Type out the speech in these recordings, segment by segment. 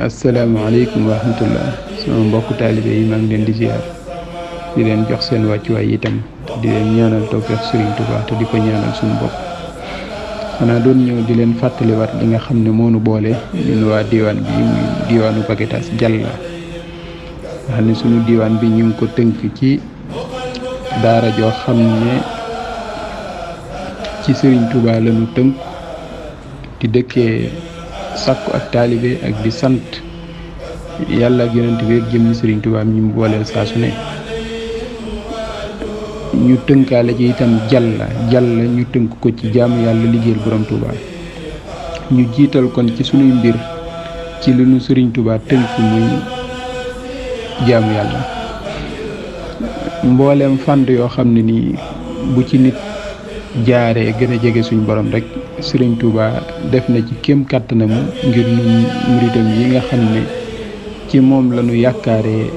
asalaamaaleykum wa rahmatullah sama mbokk taalibe yi maa ngi leen di ziar di leen jox seen wàccuwaay itam te di leen ñaanal tawfeex Sëriñ Tuubaa te di ko ñaanal suñu bopp xanaa doon ñëw di leen fàttaliwaat li nga xam ne moonu boole ñun waa diwaan bi muy diwaanu Paquetas Jalla nga xam diwaan bi ñu ngi ko tënk ci daara joo xam ne ci Serigne Touba lañu tënk di dëkkee sàkku ak taalibe ak di sant yàlla ak yonent bi ak jëmmi Serigne Touba ñu booleel saa su ne ñu tënkaale ci itam jàlla jàlla ñu tënk ko ci jaamu yàlla liggéeyal borom Touba ñu jiital kon ci sunuy mbir ci li sëriñ Serigne Touba tënk muy jaamu yàlla mbooleem fànn yoo xam ne nii bu ci nit. jaaree gën a jege suñu borom rek Serigne Touba def na ci kéem kàttanam ngir ñun muritam yi nga xam ne ci moom la ñu yaakaaree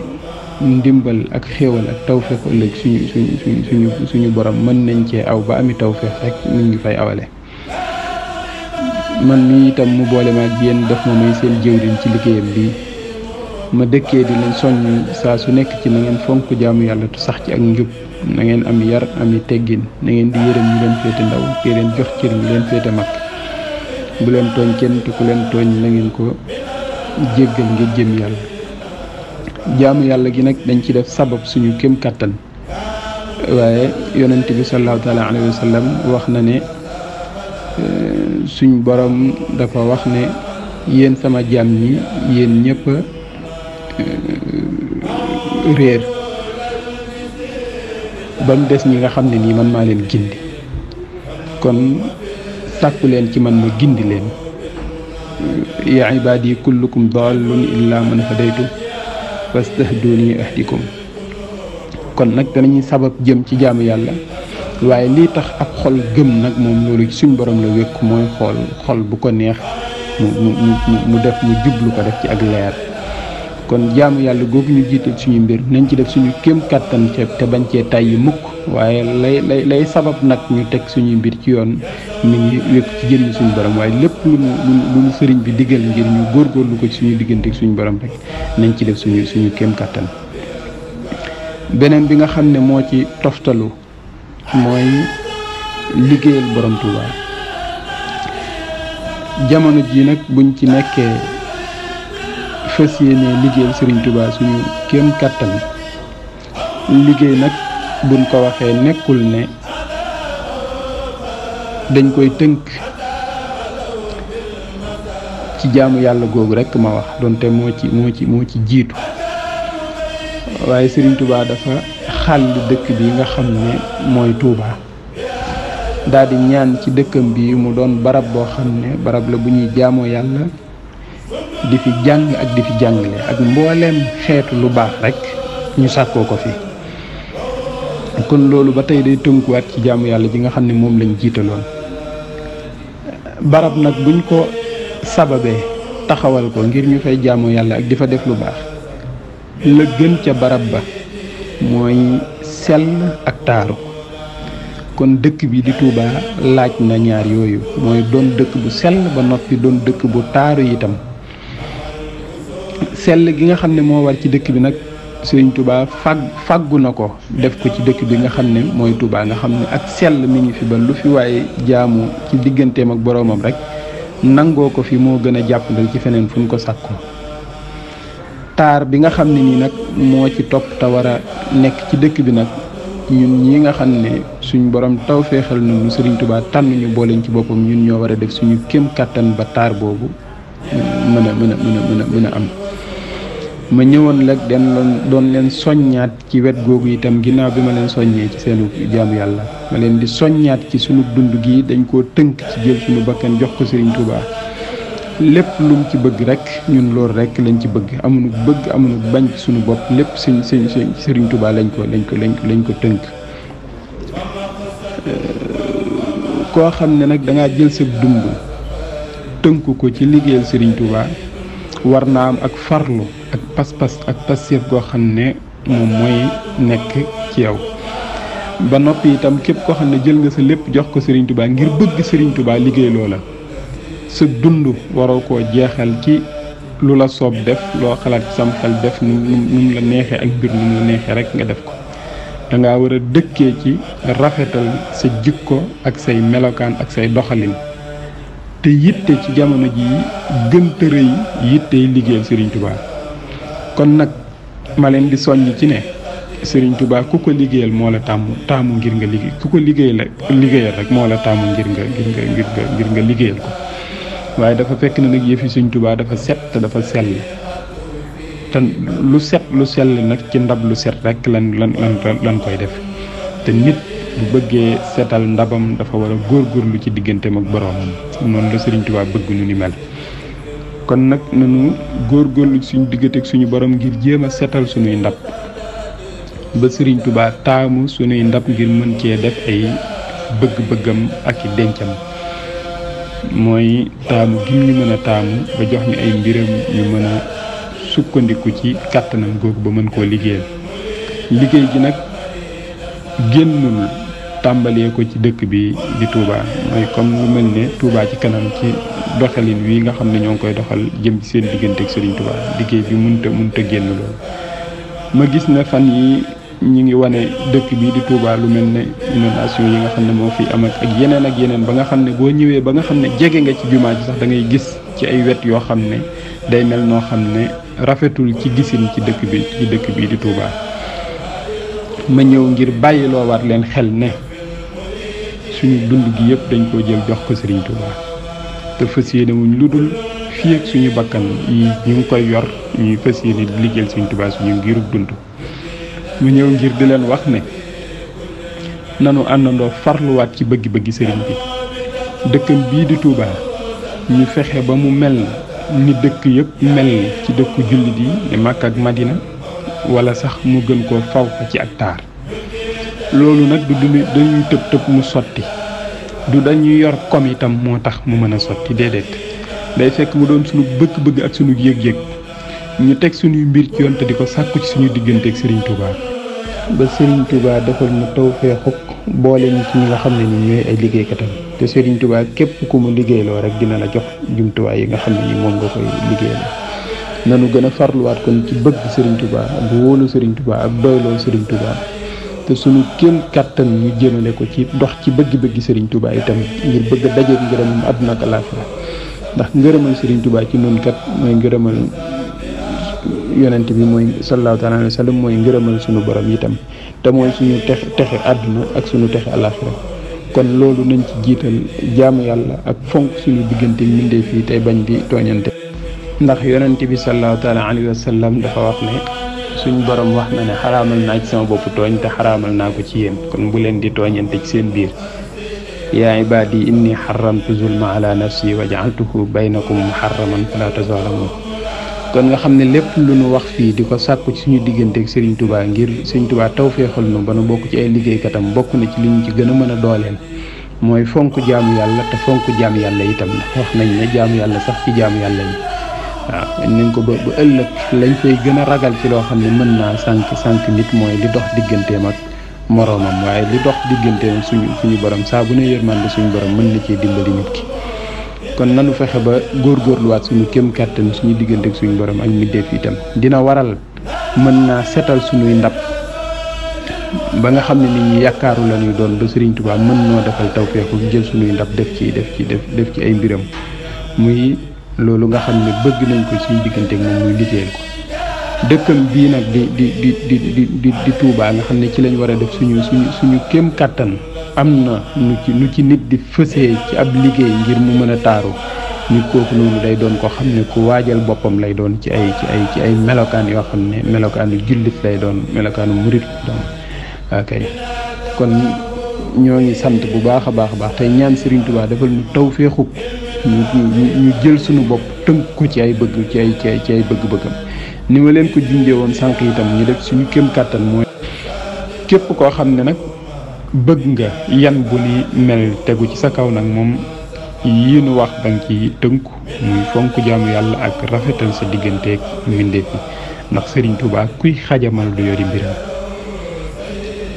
ndimbal ak xéewal ak tawféex ëllëg suñu suñu suñu suñu borom mën nañ cee aw ba ami tawféex rek ñu ngi fay awale. man mii itam mu boole ma ak yéen def ma may seen jëwriñ ci liggéeyam bi ma dëkkee di leen soññ saa su nekk ci na ngeen fonk jaamu yàlla sax ci ak njub na ngeen am yar ami teggin na ngeen di yërëm ñu leen féete ndaw te leen jox cër ñu leen féete mag bu leen tooñ kenn te ku leen tooñ na ngeen ko jéggal ngir jëm yàlla jaamu yàlla gi nag dañ ci def sabab suñu kem kàttan waaye yonent bi sallallahu taala alayhi wa sallam wax na ne euh, suñ boroom dafa wax ne yéen sama jaam ñi yéen ñëpp réer ba mu des ñi nga xam ne nii man maa leen gindi kon sàkku leen ci man ma gindi leen yaa ibaadi kullukum dallun illa man hadaytu fastahduni ahdikum kon nag danañuy sabab jëm ci jaamu yàlla waaye lii tax ab xol gëm nag moom loolu suñ borom la wékk mooy xool xol bu ko neex mu mu mu def mu jublu ko def ci ak leer kon jaamu yàlla googu ñu jiital suñu mbir nañ ci def suñu kéem kàttan ca te bañ cee tay yu mukk waaye lay lay sabab nag ñu teg suñu mbir ci yoon mi ngi wékk ci jëmm suñu borom waaye lépp lu mu lu sëriñ bi diggal ngir ñu góorgóorlu ko ci suñu diggante suñu borom rek nañ ci def suñu suñu kéem kàttan beneen bi nga xam ne moo ci toftalu mooy liggéeyal borom Tuuba jamono ji nag buñ ci nekkee fas yéene liggéeyal Serigne Touba suñu kéem kàttan liggéey nag buñ ko waxee nekkul ne dañ koy tënk ci jaamu yàlla googu rekk ma wax donte moo ci moo ci moo ci jiitu waaye Serigne Touba dafa xàll dëkk bi nga xam ne mooy tuuba daal ñaan ci dëkkam bi mu doon barab boo xam ne barab la bu ñuy jaamoo yàlla di fi jàng ak di fi jàngale ak mbooleem xeetu lu baax rekk ñu sàkkoo ko fi kon loolu ba tey day tënkuwaat ci jaamu yàlla ji nga xam ne moom lañu jiitaloon barab nag buñ ko sababee taxawal ko ngir ñu fay jaamu yàlla ak di fa def lu baax la gën ca barab ba mooy sell ak taaru kon dëkk bi di Touba laaj na ñaar yooyu mooy doon dëkk bu sell ba noppi doon dëkk bu taaru itam sell gi nga xam ne moo war ci dëkk bi nag Sëriñ Touba fag faggu na ko def ko ci dëkk bi nga xam ne mooy Touba nga xam ne ak sell mi ngi fi ba lu fi waaye jaamu ci digganteem ak boroomam rek nangoo ko fi moo gën a jàpp jàppandal ci feneen fu ñu ko sàkko taar bi nga xam ne nii nag moo ci topp te war a nekk ci dëkk bi nag ñun ñi nga xam ne suñu borom taw féexal nañu Sëriñ Touba tànn ñu booleen ci boppam ñun ñoo war a def suñu kéem kàttan ba taar boobu mën a am ma ñëwoon nag den loon doon leen soññaat ci wet googu itam ginnaaw bi ma leen soññee ci seenu jaamu yàlla ma leen di soññaat ci suñu dund gi dañ koo tënk ci jël bakkan jox ko Serigne Touba lépp lu ci bëgg rek ñun loolu rek lañ ci bëgg amuñu bëgg amuñu bañ ci sunu bopp lépp sëñ sëñ Serigne Touba lañ ko lañ ko lañ ko tënk euh, koo xam ne nag dangaa jël sa dund tënku ko ci liggéeyal Serigne Touba war naa am ak farlu ak pas-pas ak passeef goo xam ne moom mooy nekk ci yow ba noppi itam képp koo xam ne jël nga sa lépp jox ko Serigne Touba ngir bëgg Serigne Touba liggéey loola sa dund waroo koo jeexal ci lu la soob def loo xalaat ci sam xel def nu mu la neexee ak biir nu mu la neexee rek nga def ko da war a dëkkee ci rafetal sa jikko ak say melokaan ak say doxalin te yitte ci jamono ji gën te rëy yittey liggéeyal Serigne Touba. kon nag ma leen di soññ ci ne Serigne Touba ku ko liggéeyal moo la taamu taamu ngir nga liggéey ku ko liggéeyal liggéeyal rek moo la taamu ngir nga ngir nga nga ngir ko waaye dafa fekk na nag yëfi Serigne Touba dafa set te dafa sell te lu set lu sell nag ci ndab lu set rek lan lan lan koy def te nit bu bëggee setal ndabam dafa war a lu ci digganteem ak boroomam noonu la Serigne Touba bëgg ñu ni mel. kon nag nañu góorgóorlu suñu diggante ak suñu boroom ngir jéem a setal suñuy ndab ba Serigne Touba taamu sunuy ndab ngir mën cee def ay bëgg-bëggam ak i dencam mooy taamu gim ñu mën a taamu ba jox ñu ay mbiram ñu mën sukkandiku ci kàttanam googu ba mën koo liggéeyal liggéey gi nag génnul tàmbalee ko ci dëkk bi di tuubaa mooy comme lu mel ne tuubaa ci kanam ci doxalin wii nga xam ne ñoo ngi koy doxal jëm ci seen diggante ak Serigne Touba liggéey bi mënta mënta génn loolu. ma gis na fan yi ñu ngi wane dëkk bi di Touba lu mel ne inondation yi nga xam ne moo fi am ak yeneen ak yeneen ba nga xam ne boo ñëwee ba nga xam ne jege nga ci jumaa ji sax da ngay gis ci ay wet yoo xam ne day mel noo xam ne rafetul ci gisin ci dëkk bi ci dëkk bi di Touba. suñu dund gi yëpp dañ koo jël jox ko Serigne Touba te fas yéene wuñ lu dul fii suñu bakkan yi ñu ngi koy yor ñuy fas yéene di liggéeyal Serigne Touba suñu ngirub dund mu ñëw ngir di leen wax ne nanu àndandoo farluwaat ci bëgg-bëggi sëriñ bi dëkkam bii di Touba ñu fexe ba mu mel ni dëkk yëpp mel ci dëkku jullit yi di Makka ak Madina wala sax mu gën koo faw ci ak taar loolu nag du du tëb tëb mu sotti du dañuy yor kom itam moo tax mu mën a sotti déedéet day fekk mu doon sunu bëgg-bëgg ak sunu yëg-yëg ñu teg suñuy mbir ci yoon di ko sàkku ci suñu diggante Serigne Touba. ba Serigne Touba defal mu taw fee xukk ci ñi nga xam ne ni ay liggéeykatam te Serigne képp ku mu liggéeyloo rek dina la jox jumtuwaay yi nga xam ne ni moom nga koy na nu gën a farluwaat kon ci bëgg Serigne tubaa ak wóolu Serigne tubaa ak doyloo sëriñ tubaa te suñu kéem kàttan ñu jëmale ko ci dox ci bëgg-bëgg sëriñ Touba itam ngir bëgg a dajeeg ngërëmam àdduna ak àllaaxira ndax ngërëmal Serigne Touba ci noonu kat mooy ngërëmal yonent bi mooy sallallahu taala alayhi mooy ngërëmal suñu borom itam te mooy suñu tex texe àdduna ak suñu texe àllaaxira kon loolu nañ ci jiital jaamu yàlla ak fonk suñu diggante mbindéef fii tey bañ di tooñante ndax yonent bi sallallahu taala alayhi wa dafa wax ne suñ borom wax na ne xaraamal naa ci sama bopp tooñ te xaraamal naa ko ci yéen kon bu leen di tooñante ci seen biir yaa ibaadi inni xaramtu zulma ala nafsi wa jaaltuhu baynakum muharraman fala tazalamun kon nga xam ne lépp lu nu wax fii di ko sàkku ci suñu diggante ak Serigne tubaa ngir Serigne Touba taw feexal nu ba nu bokk ci ay liggéeykatam bokk na ci li ñu ci gën a mën a dooleel mooy fonk jaamu yàlla te fonk jaamu yàlla itam wax nañ ne jaamu yàlla sax ci jaamu yàlla yi waaw nañ ko ba ba ëllëg lañ fay gën a ragal ci loo xam ne mën naa sànq sànq nit mooy li dox digganteem ak moroomam waaye li dox digganteem suñu suñu borom saa bu ne yërmande suñu borom mën na cee dimbali nit ki. kon nanu fexe ba góor góorluwaat suñu kéem kàttan suñu diggante ak suñu boroom ak middeef itam dina waral mën naa setal suñuy ndab ba nga xam ne nit ñu yaakaaru la ñuy doon ba Sëriñ Tuubaa mën noo defal taw tawfeexu jël suñuy ndab def ci def ci def def ci ay mbiram loolu nga xam ne bëgg nañ ko suñu diggante ak muy liggéeyal ko dëkkam bii nag di di di tuubaa nga xam ne ci lañ war a def suñu suñu suñu kéem kàttan am na nu ci ci nit di fëse ci ab liggéey ngir mu mën a taaru nit kooku noonu day doon ko xam ne ku waajal boppam lay doon ci ay ci ay ci ay melokaan yoo xam ne melokaanu jullit lay doon melokaanu murit lay doon ok kon ñoo ngi sant bu baax a baax a baax tey ñaan Serigne Touba defal taw tawféexu ñu jël suñu bopp tënk ko ci ay bëgg ci ay ci ay bëgg-bëggam ni ma leen ko junjee woon sànq itam ñu def suñu kéem kàttan mooy képp koo xam ne nag bëgg nga yan bu ni mel tegu ci sa kaw nag moom yi nu wax danga ci tënku muy fonk jaamu yàlla ak rafetal sa digganteeg mbindeef yi ndax Serigne Touba kuy xajamal du yori mbiram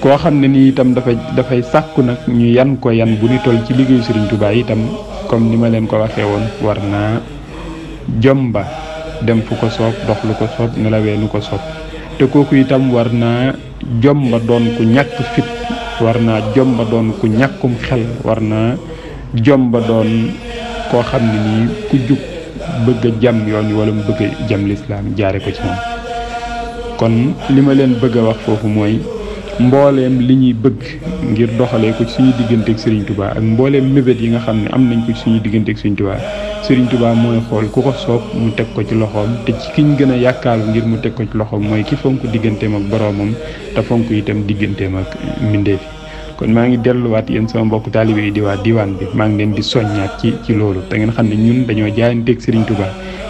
koo xam ne nii itam dafay dafay sàkku nag ñu yan ko yan bu ni toll ci liggéeyu Serigne Touba itam comme ni ma leen ko waxee woon war naa jomba dem ko soob dox lu ko soob nelawee nu ko soob te kooku itam war naa jomba doon ku ñàkk fit war naa jomba doon ku ñàkkum xel war naa jomba doon koo xam ne nii ku jub bëgg a jam yoon wi wala mu bëgg a jam lislaam jaare ko ci moom kon li ma leen bëgg a wax foofu mooy mbooleem li ñuy bëgg ngir doxalee ko ci suñu digganteeg sëriñ tubaa ak mbooleem mébét yi nga xam ne am nañ ko suñu digganteeg Serigne Touba Serigne tubaa mooy xool ku ko soob mu teg ko ci loxoom te ci ki ñu gën a yaakaar ngir mu teg ko ci loxoom mooy ki fonk digganteem ak boroomam te fonk itam digganteem ak mbindeef yi kon maa ngi delluwaat yéen sama mbokk taalibe yi di diwaan bi maa ngi leen di soññaat ci ci loolu te ngeen xam ne ñun dañoo jaayanteeg Serigne Touba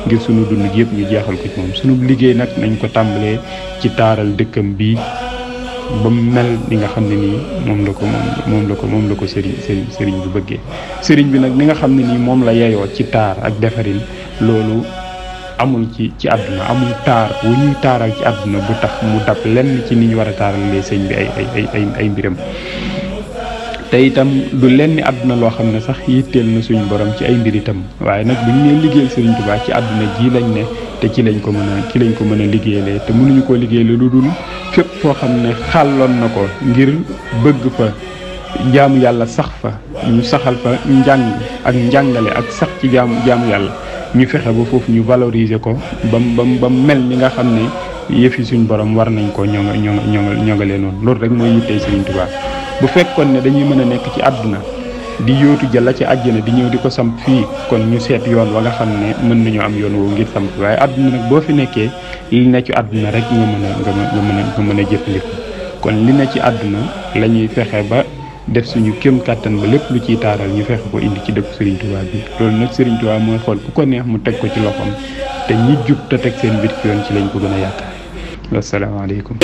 ngir sunu dund yëpp ngi jeexal ko ci moom sunu liggéey nag nañ ko tàmbalee ci taaral dëkkam bi ba mel ni nga xam ne nii moom la ko moom la ko moom la ko sëriñ sëriñ sëriñ bi bëggee sëriñ bi nag ni nga xam ne nii moom la yeyoo ci taar ak defarin loolu amul ci ci àdduna amul taar wu ñuy taaral ci àdduna bu tax mu dab lenn ci nit ñu war a taaralee sëñ bi ay ay ay mbiram te itam du lenn àdduna loo xam ne sax yitteel na suñu borom ci ay mbiritam waaye nag bu ñu nee liggéeyal sëriñ Tuubaa ci àdduna jii lañ ne te ci lañ ko mën a ci lañ ko mën a liggéeyalee te mënuñu koo liggéey liggéeyalee lu dul fépp foo xam ne xàlloon na ko ngir bëgg fa jaamu yàlla sax fa ñu saxal fa njàng ak njàngale ak sax ci jaamu jaamu yàlla ñu fexe ba foofu ñu valoriser ko ba mu ba mu mel ni nga xam ne yëf yi suñ borom war nañ ko ñoo nga ñoo nga ñoo noonu loolu rek mooy yittee Sëriñ Tuubaa bu fekkoon ne dañuy mën a nekk ci àdduna di yóotu ja ci ci àjjana di ñëw di ko samp fii kon ñu seet yoon wa nga xam ne mën nañu am yoon woowu ngir samp waaye àdduna nag boo fi nekkee li ne ci àdduna rek nga mën a nga mën a nga mën a jëfandikoo kon li ne ci àdduna la ñuy fexe ba def suñu kéem kàttan ba lépp lu ciy taaral ñu fexe ko indi ci dëkk Serigne Touba bi loolu nag Serigne Touba mooy xool ku ko neex mu teg ko ci loxoom te ñi jub te teg seen bit ci yoon ci lañ ko gën a yaakaar asalaamaaleykum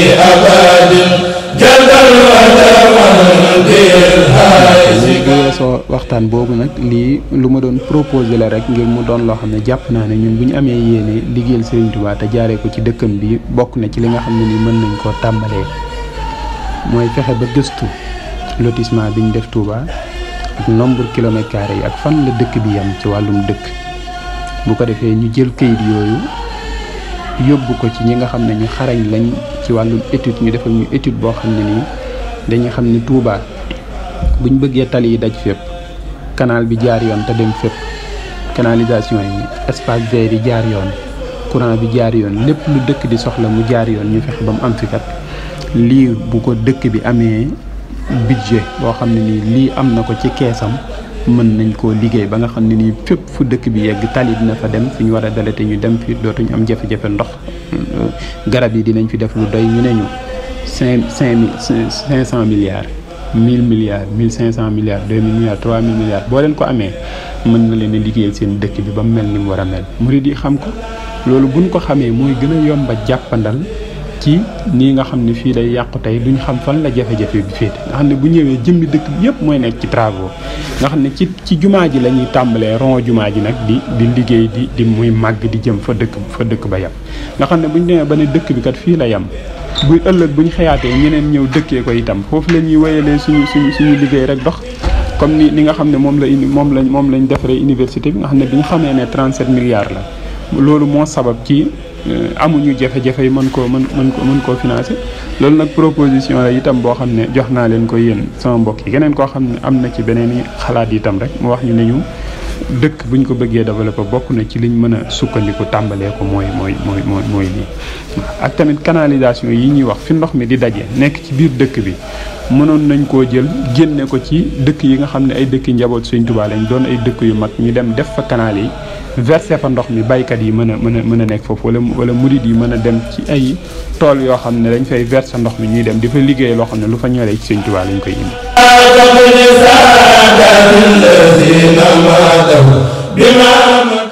soo waxtaan boobu nag lii lu ma doon proposé la rek ngir mu doon loo xam ne jàpp naa ne ñun bu amee yéene liggéeyal Serigne Touba te jaaree ko ci dëkkam bi bokk na ci li nga xam ne ni mën nañ koo tàmbalee mooy fexe ba gëstu lotissement bi def Touba ak nombre kilomètre yi ak fan la dëkk bi yam ci wàllum dëkk bu ko defee ñu jël kayit yooyu yóbbu ko ci ñi nga xam ne ñu xarañ lañ ci wàllum étude ñu defal ñu étude boo xam ne nii dañuy xam ne Touba buñ bëggee tali yi daj fépp canal bi jaar yoon te dem fépp canalisation yi espace vert jaar yoon courant bi jaar yoon lépp lu dëkk di soxla mu jaar yoon ñu fexe ba mu am fi kat lii bu ko dëkk bi amee budget boo xam ne nii lii am na ko ci keesam mën nañ koo liggéey ba nga xam ne nii fépp fu dëkk bi yegg tali dina fa dem fi ñu war a dalate ñu dem fi dootuñ am jafe-jafe ndox euh, garab yi dinañ fi def lu doy ñu ne ñu cinq cinq mille cinq cent milliards mille milliards mille cinq cent milliards deux mille milliards trois milliards boo leen ko amee mën na leen a seen dëkk bi ba mu mel ni mu war a mel murid yi xam ko loolu buñ ko xamee mooy gën a yomba jàppandal ci nii nga xam ne fii day yàqu tey duñ xam fan la jafe-jafe bi féete nga xam ne bu ñëwee jëmmi dëkk bi yëpp mooy nekk ci travaux nga xam ne ci ci jumaa ji la ñuy tàmbalee rond jumaa ji nag di di liggéey di di muy màgg di jëm fa dëkk fa dëkk ba yem nga xam ne buñ demee ba ne dëkk bi kat fii la yem buy ëllëg buñ xëyaatee ñeneen ñëw dëkkee ko itam foofu la ñuy wéyalee suñu suñu suñu liggéey rek dox comme ni ni nga xam ne moom la moom lañ moom lañ defaree université bi nga xam ne bi ñu xamee ne 37 milliards la loolu moo sabab ci Euh, amuñu jafe-jafe yi mën ko mën mën mën koo financé loolu nag proposition la itam boo xam ne jox naa leen ko yéen sama mbokk yi keneen koo xam ne am na ci beneen i xalaat itam rek wax ñu ne dëkk bu ko bëggee développé bokk na ci liñ mën a sukkandiku tàmbalee ko mooy mooy mooy mooy mooy lii tamit canalisation yi ñuy wax fi ndox mi di daje nekk ci biir dëkk bi mënoon nañ koo jël génne ko ci dëkk yi nga xam ne ay dëkki njaboot Sëñ Tuubaa lañ doon ay dëkk yu mag ñu dem def fa canal yi versé fa ndox mi baykat yi mën a mën a mën a nekk foofu wala wala murid yi mën a dem ci ay tool yoo xam ne dañ fay versé ndox mi ñuy dem di fa liggéey loo xam ne lu fa ñoree ci Sëñ Tuubaa lañ koy indi.